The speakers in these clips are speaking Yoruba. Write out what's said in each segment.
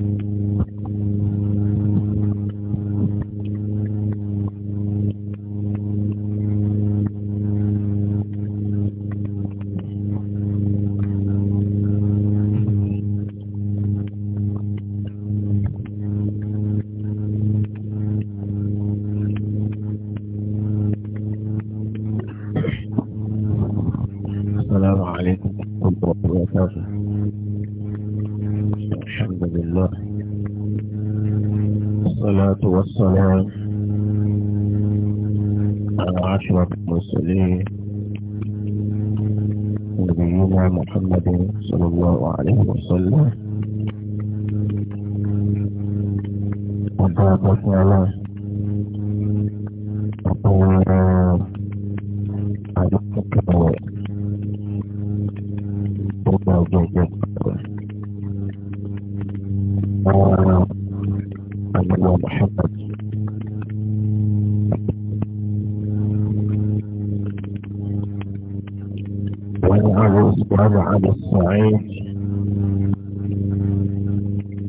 you الله والصلاة والسلام على عشرة المرسلين نبينا محمد صلى الله عليه وسلم وبعد الله نبينا محمد على الصعيد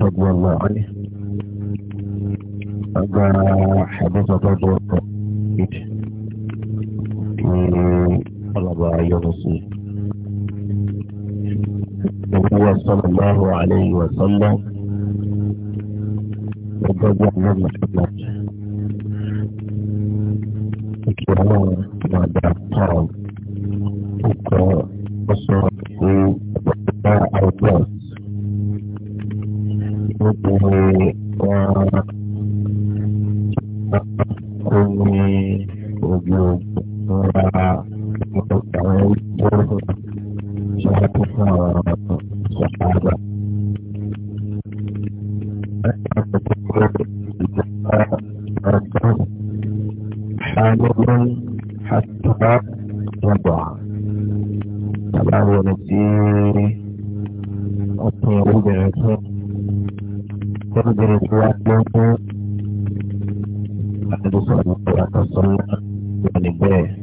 رضي الله عنه هذا حديث برضه من طلب يونسي النبي صلى الله عليه وسلم ọgbọ́gbọ́ lọ́nà ìgbà ìkí ọlọ́run máa dá pọ́ọ̀n ó kọ́ ó sọ pé ọ̀pọ̀lọpọ̀ àwùjọ nítorí wọn ó ní ojú ogun ra àwọn ìgbọ́ràn ṣáájú fún àwọn ọ̀pọ̀lọpọ̀ حامل حتى يضع طبعا ونسير الطيور بعثر تنزل الثواب موته أحد سؤال الصلاة يعني بيه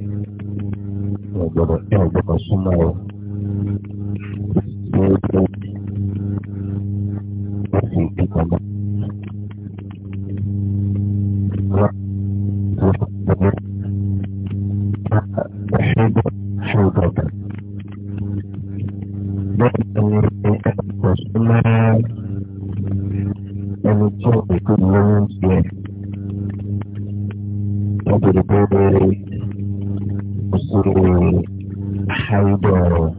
يوجد الصلاة ذكره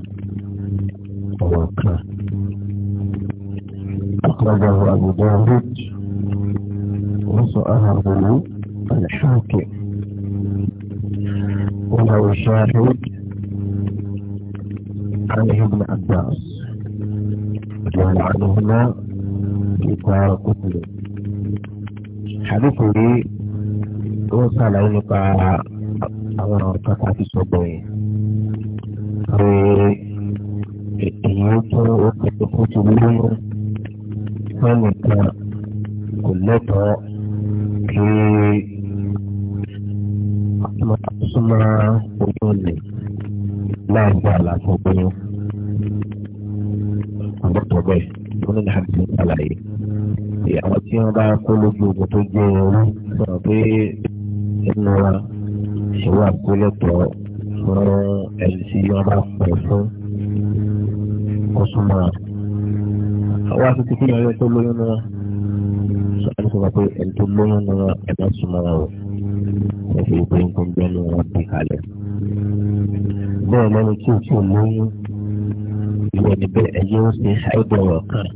ووكله أخرجه أبو داود وصأهه الحاكم وله شاهد عنه ابن عباس رضي عنهما في دار قتل حديثه وصل عنق أمر أرقى في صدره kó ti lóyún fẹ́nìkan kò lẹ́tọ̀ọ́ kí máa súnmọ́ oyún lè láì gba àlàfo oyún. àbọ̀tọ̀ bẹ́ẹ̀ ló ní láti ṣàlàyé àwọn tí wọ́n bá kó lójú ogun tó jẹ́ ẹrú sọ pé ẹnu wa ìwà àkólẹ́tọ̀ọ́ fún ẹni tí wọ́n bá pẹ̀ fún kó súnmọ́ àpò wá sí títí ìyàwó tó lóyún náà sọ àti sọ pé ẹni tó lóyún náà ẹ má súnmọ́ wọn o ẹ fi ìpè ń kún bẹ́ẹ̀ ni wọ́n ti kalẹ̀. bẹ́ẹ̀ lẹ́nu tí o tó lóyún ìwọ níbẹ̀ ẹ̀yẹ ó ṣe àìdọ̀rọ̀ kan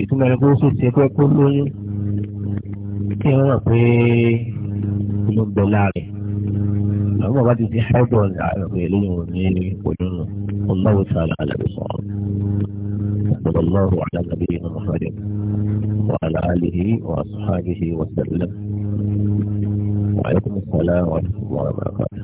ìtumọ̀ ẹni pé ó ṣe pé kó lóyún kí wọ́n mọ̀ pé ló ń bẹ láàrin àwọn bàbá ti ṣe àìdọ̀rọ̀ àìrọ̀pẹ̀ lóyún òní òdùnnú ọlọ́wọ́ sàlẹ̀ àlẹ́ sọ̀rọ̀. وصلى الله على نبينا محمد وعلى آله وأصحابه وسلم وعليكم السلام ورحمة الله وبركاته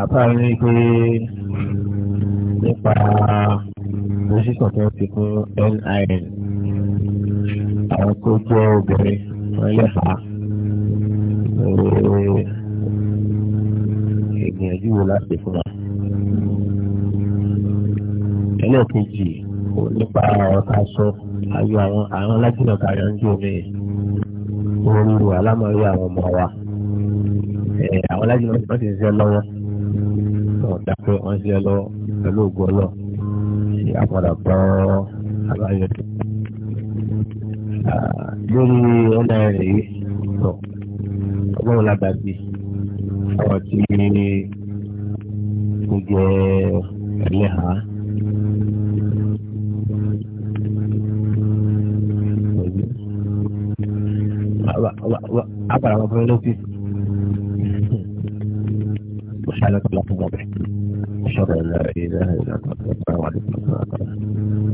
àbá rí pé nípa lóṣìṣàn tó ti fún NIN àwọn tó jẹ́ obìnrin wọ́n lè fà á ìgbìyànjú wo láti fún wa. ẹlẹ́ẹ̀kejì nípa ọ̀rọ̀ ká sọ ayọ̀ àwọn alájìnà kàyọ̀ ń jò ní orí ìlú alámọ̀rí àwọn ọmọ wa. Eh, àwọn alájí wọn ti ń ṣe lọ́wọ́ ọ̀dà pé wọ́n ń ṣe lọ́wọ́ pẹ̀lú ògùn ọlọ́ ṣe àpàdà bọ́ àbáyọ tó. Ah, lórí ọ̀nà rẹ̀ yìí sọ ọgbọ́n lágbàgbé àwọn tí ó jẹ́ ẹlẹ́hàá. àpàdà wọn fún ẹ lọ́fíìsì. وشعلت بطمه شر لا إله إلا الله السلام عليكم ورحمة الله